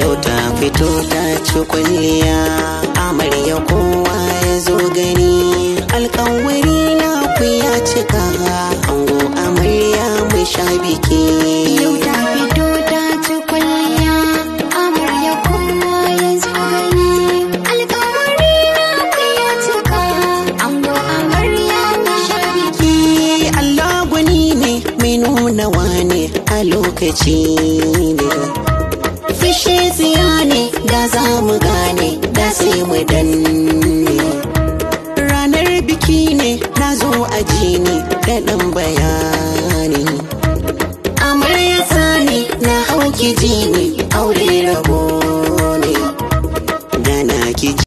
yau ta fito ta ci amarya kowa ya zo gani alkawari na ku ya cika ango amarya mai sha biki yau ta fito ta ci kwalliya amarya kowa ya zo gani alkawari ya cika ango amarya mai sha biki Allah gwani ne a lokaci ne ashe tsiya ne da za mu gane da sai mu danne ranar biki ne na zo ji ne da ɗan bayani amarya sani na hauki ji ne